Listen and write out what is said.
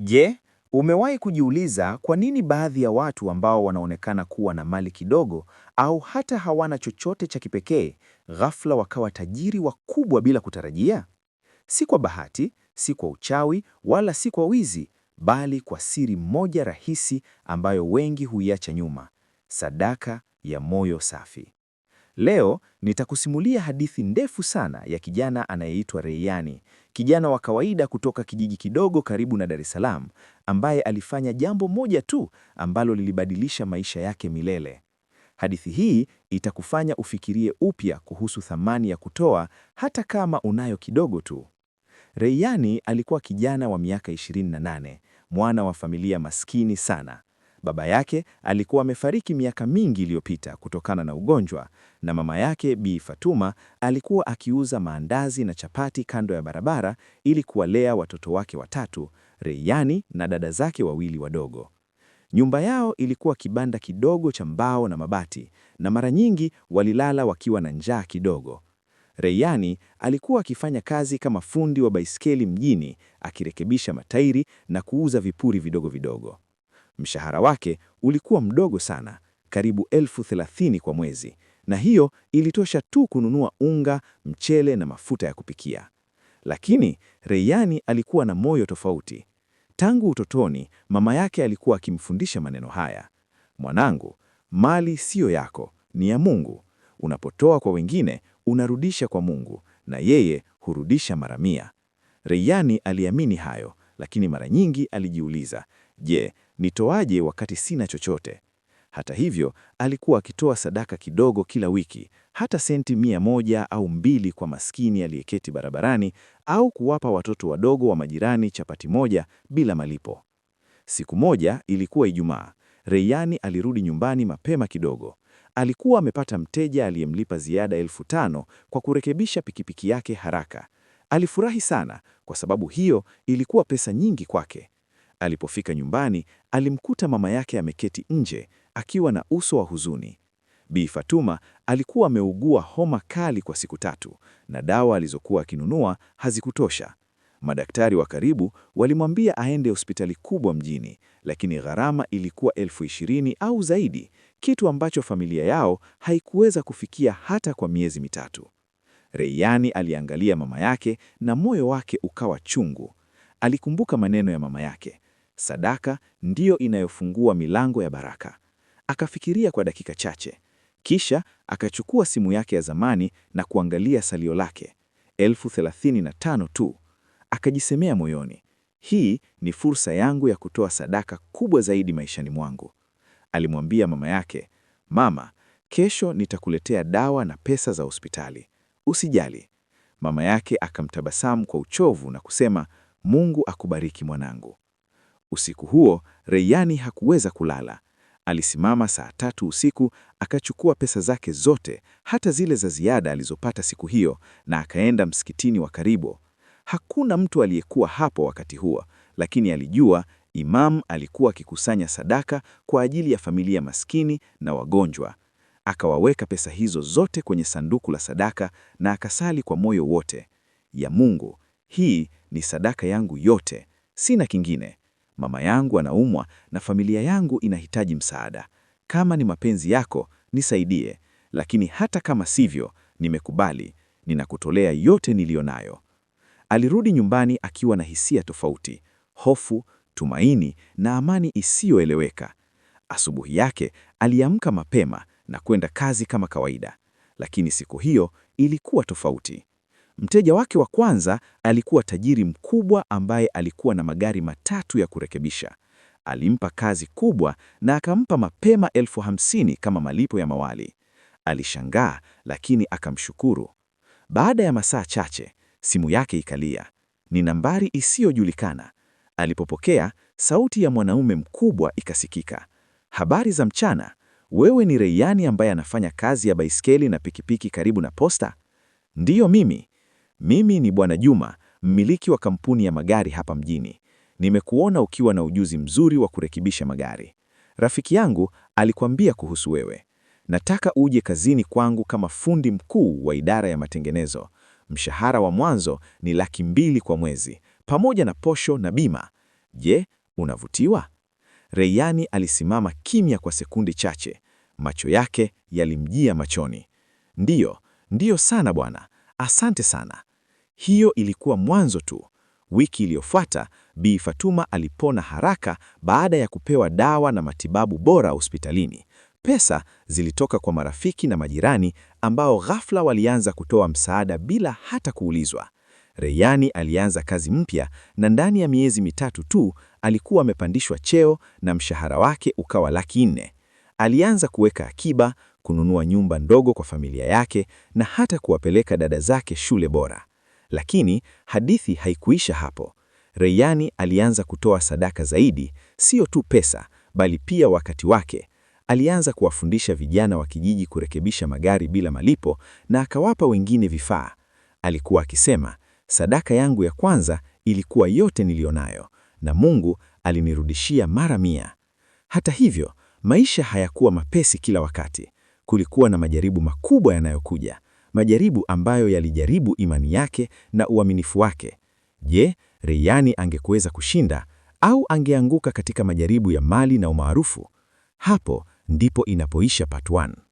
Je, umewahi kujiuliza kwa nini baadhi ya watu ambao wanaonekana kuwa na mali kidogo au hata hawana chochote cha kipekee, ghafla wakawa tajiri wakubwa bila kutarajia? Si kwa bahati, si kwa uchawi, wala si kwa wizi, bali kwa siri moja rahisi ambayo wengi huiacha nyuma: sadaka ya moyo safi. Leo nitakusimulia hadithi ndefu sana ya kijana anayeitwa Rayani, kijana wa kawaida kutoka kijiji kidogo karibu na Dar es Salaam, ambaye alifanya jambo moja tu ambalo lilibadilisha maisha yake milele. Hadithi hii itakufanya ufikirie upya kuhusu thamani ya kutoa hata kama unayo kidogo tu. Rayani alikuwa kijana wa miaka 28, mwana wa familia maskini sana. Baba yake alikuwa amefariki miaka mingi iliyopita kutokana na ugonjwa, na mama yake Bi Fatuma alikuwa akiuza maandazi na chapati kando ya barabara ili kuwalea watoto wake watatu, Reyani na dada zake wawili wadogo. Nyumba yao ilikuwa kibanda kidogo cha mbao na mabati, na mara nyingi walilala wakiwa na njaa kidogo. Reyani alikuwa akifanya kazi kama fundi wa baiskeli mjini, akirekebisha matairi na kuuza vipuri vidogo vidogo. Mshahara wake ulikuwa mdogo sana, karibu elfu thelathini kwa mwezi, na hiyo ilitosha tu kununua unga, mchele na mafuta ya kupikia. Lakini reyani alikuwa na moyo tofauti. Tangu utotoni, mama yake alikuwa akimfundisha maneno haya: mwanangu, mali siyo yako, ni ya Mungu. Unapotoa kwa wengine, unarudisha kwa Mungu, na yeye hurudisha mara mia. Reyani aliamini hayo, lakini mara nyingi alijiuliza, je, nitoaje wakati sina chochote? Hata hivyo, alikuwa akitoa sadaka kidogo kila wiki, hata senti mia moja au mbili kwa maskini aliyeketi barabarani au kuwapa watoto wadogo wa majirani chapati moja bila malipo. Siku moja ilikuwa Ijumaa. Reyani alirudi nyumbani mapema kidogo. Alikuwa amepata mteja aliyemlipa ziada elfu tano kwa kurekebisha pikipiki yake haraka. Alifurahi sana kwa sababu hiyo ilikuwa pesa nyingi kwake. Alipofika nyumbani, alimkuta mama yake ameketi nje akiwa na uso wa huzuni. Bi Fatuma alikuwa ameugua homa kali kwa siku tatu na dawa alizokuwa akinunua hazikutosha. Madaktari wa karibu walimwambia aende hospitali kubwa mjini, lakini gharama ilikuwa elfu ishirini au zaidi, kitu ambacho familia yao haikuweza kufikia hata kwa miezi mitatu. Reyani aliangalia mama yake na moyo wake ukawa chungu. Alikumbuka maneno ya mama yake, sadaka ndiyo inayofungua milango ya baraka. Akafikiria kwa dakika chache, kisha akachukua simu yake ya zamani na kuangalia salio lake, elfu thelathini na tano tu. Akajisemea moyoni, hii ni fursa yangu ya kutoa sadaka kubwa zaidi maishani mwangu. Alimwambia mama yake, mama, kesho nitakuletea dawa na pesa za hospitali, usijali. Mama yake akamtabasamu kwa uchovu na kusema, Mungu akubariki mwanangu. Usiku huo reyani hakuweza kulala. Alisimama saa tatu usiku akachukua pesa zake zote, hata zile za ziada alizopata siku hiyo, na akaenda msikitini wa karibu. Hakuna mtu aliyekuwa hapo wakati huo, lakini alijua Imam alikuwa akikusanya sadaka kwa ajili ya familia maskini na wagonjwa. Akawaweka pesa hizo zote kwenye sanduku la sadaka na akasali kwa moyo wote, ya Mungu, hii ni sadaka yangu yote, sina kingine mama yangu anaumwa na familia yangu inahitaji msaada. Kama ni mapenzi yako, nisaidie, lakini hata kama sivyo, nimekubali, ninakutolea yote niliyo nayo. Alirudi nyumbani akiwa na hisia tofauti, hofu, tumaini na amani isiyoeleweka. Asubuhi yake aliamka mapema na kwenda kazi kama kawaida, lakini siku hiyo ilikuwa tofauti. Mteja wake wa kwanza alikuwa tajiri mkubwa ambaye alikuwa na magari matatu ya kurekebisha. Alimpa kazi kubwa na akampa mapema elfu hamsini kama malipo ya mawali. Alishangaa lakini akamshukuru. Baada ya masaa chache, simu yake ikalia. Ni nambari isiyojulikana. Alipopokea, sauti ya mwanaume mkubwa ikasikika. Habari za mchana. Wewe ni Rayani ambaye anafanya kazi ya baiskeli na pikipiki karibu na posta? Ndiyo mimi. Mimi ni Bwana Juma, mmiliki wa kampuni ya magari hapa mjini. Nimekuona ukiwa na ujuzi mzuri wa kurekebisha magari. Rafiki yangu alikwambia kuhusu wewe. Nataka uje kazini kwangu kama fundi mkuu wa idara ya matengenezo. Mshahara wa mwanzo ni laki mbili kwa mwezi pamoja na posho na bima. Je, unavutiwa? Reyani alisimama kimya kwa sekunde chache, macho yake yalimjia machoni. Ndiyo, ndiyo sana bwana, asante sana. Hiyo ilikuwa mwanzo tu. Wiki iliyofuata Bi Fatuma alipona haraka baada ya kupewa dawa na matibabu bora hospitalini. Pesa zilitoka kwa marafiki na majirani ambao ghafla walianza kutoa msaada bila hata kuulizwa. Reyani alianza kazi mpya na ndani ya miezi mitatu tu alikuwa amepandishwa cheo na mshahara wake ukawa laki nne. Alianza kuweka akiba, kununua nyumba ndogo kwa familia yake na hata kuwapeleka dada zake shule bora. Lakini hadithi haikuisha hapo. Rayani alianza kutoa sadaka zaidi, sio tu pesa, bali pia wakati wake. Alianza kuwafundisha vijana wa kijiji kurekebisha magari bila malipo na akawapa wengine vifaa. Alikuwa akisema, sadaka yangu ya kwanza ilikuwa yote niliyonayo na Mungu alinirudishia mara mia. Hata hivyo, maisha hayakuwa mapesi kila wakati. Kulikuwa na majaribu makubwa yanayokuja majaribu ambayo yalijaribu imani yake na uaminifu wake. Je, Rayane angekuweza kushinda au angeanguka katika majaribu ya mali na umaarufu? Hapo ndipo inapoisha part 1.